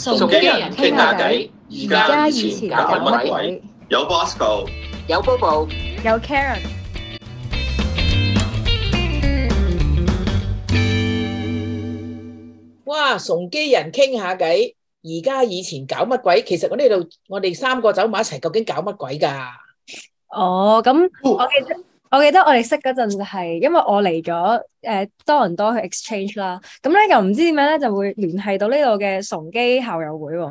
崇基人傾下偈，而家以前搞乜鬼？有 Bosco，有 Bobo，有 Karen。哇！崇基人傾下偈，而家以前搞乜鬼？其實我呢度我哋三個走埋一齊，究竟搞乜鬼㗎？哦，咁我記得。我記得我哋識嗰陣就係，因為我嚟咗誒多倫多去 exchange 啦，咁咧又唔知點樣咧，就會聯繫到呢度嘅崇基校友會，啊，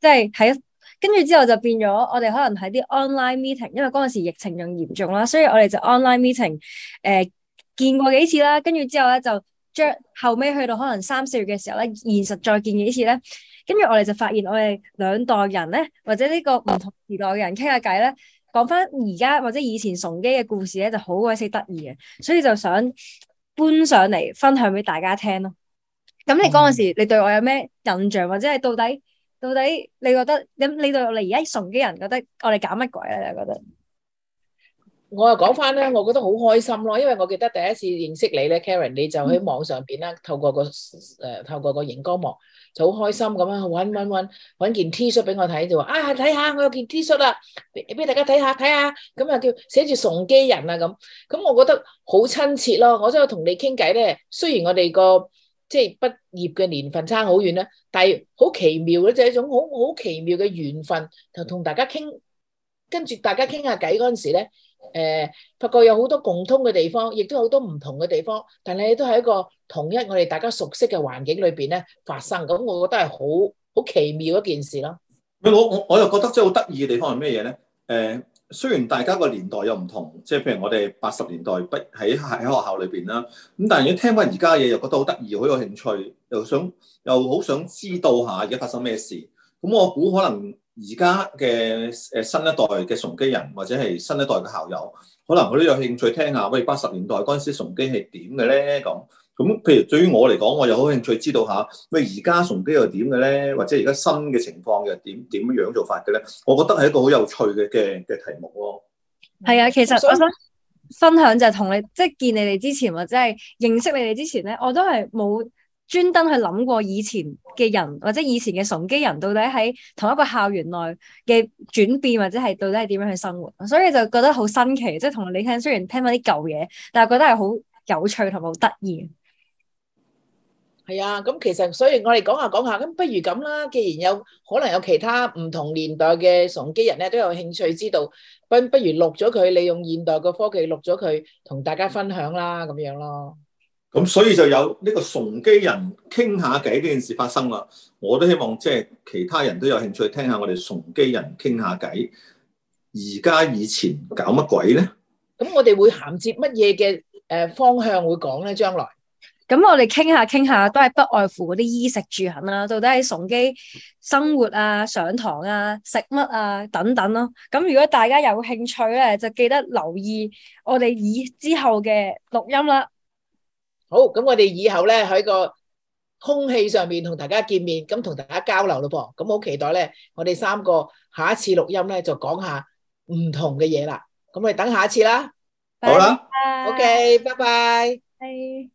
即係喺跟住之後就變咗我哋可能喺啲 online meeting，因為嗰陣時疫情仲嚴重啦，所以我哋就 online meeting 誒、呃、見過幾次啦，跟住之後咧就將後尾去到可能三四月嘅時候咧，現實再見幾次咧，跟住我哋就發現我哋兩代人咧，或者呢個唔同時代嘅人傾下偈咧。講翻而家或者以前崇基嘅故事咧，就好鬼死得意嘅，所以就想搬上嚟分享俾大家聽咯。咁你嗰陣時，嗯、你對我有咩印象，或者係到底到底你覺得咁？你對我哋而家崇基人覺得我哋搞乜鬼咧？你覺得？我又講翻咧，我覺得好開心咯，因為我記得第一次認識你咧，Karen，你就喺網上邊啦，透過個誒、呃，透過個熒光幕就好開心咁樣，揾揾揾揾件 T 恤俾我睇就話啊，睇下我有件 T 恤啦，俾大家睇下睇下，咁啊叫寫住崇基人啊咁，咁我覺得好親切咯，我真係同你傾偈咧，雖然我哋、嗰個即係畢業嘅年份差好遠啦，但係好奇妙嘅，就係、係、一種好好奇妙嘅緣分，就同大家傾。跟住大家傾下偈嗰陣時咧，誒、發覺有好多共通嘅地方，亦都好多唔同嘅地方。但係都係一個同一我哋大家熟悉嘅環境裏邊咧，發生，咁我覺得係好好奇妙一件事咯、嗯。我我我又覺得真係好得意嘅地方係咩嘢咧？誒、呃、雖然大家個年代又唔同，即係譬如我哋八十年代不喺喺學校裏邊啦，咁但係如果聽翻而家嘢又覺得好得意，好有興趣，又想又好想知道下而家發生咩事。咁我估可能。而家嘅誒新一代嘅崇基人，或者係新一代嘅校友，可能佢都有興趣聽下，喂八十年代嗰陣時崇基係點嘅咧？咁咁，譬如對於我嚟講，我有好興趣知道下，喂而家崇基又點嘅咧？或者而家新嘅情況又點點樣樣做法嘅咧？我覺得係一個好有趣嘅嘅嘅題目咯。係啊，其實分享就係同你即係、即係、見你哋之前或者係認識你哋之前咧，我都係冇。專登去諗過以前嘅人，或者以前嘅崇基人到底喺同一個校園內嘅轉變或者係到底係點樣去生活，所以就覺得好新奇，即係同你聽雖然聽翻啲舊嘢，但係覺得係好有趣同埋好得意。係啊，咁其實所以我哋講下講下，咁不如咁啦，既然有可能有其他唔同年代嘅崇基人咧都有興趣知道，不不如錄咗佢，利用現代嘅科技錄咗佢，同大家分享啦，咁樣咯。咁所以就有呢個崇基人傾下偈呢件事發生啦。我都希望即係其他人都有興趣聽下我哋崇基人傾下偈。而家以前搞乜鬼咧？咁我哋會銜接乜嘢嘅誒方向會講咧？將來，咁我哋傾下傾下，都係不外乎嗰啲衣食住行啦。到底喺崇基生活啊、上堂啊、食乜啊等等咯、啊。咁如果大家有興趣咧，就記得留意我哋以之後嘅錄音啦。好，咁我哋以後咧喺個空氣上面同大家見面，咁同大家交流咯噃，咁好期待咧，我哋三個下一次錄音咧就講下唔同嘅嘢啦，咁我哋等下一次啦，Bye. 好啦 Bye.，OK，拜拜，係。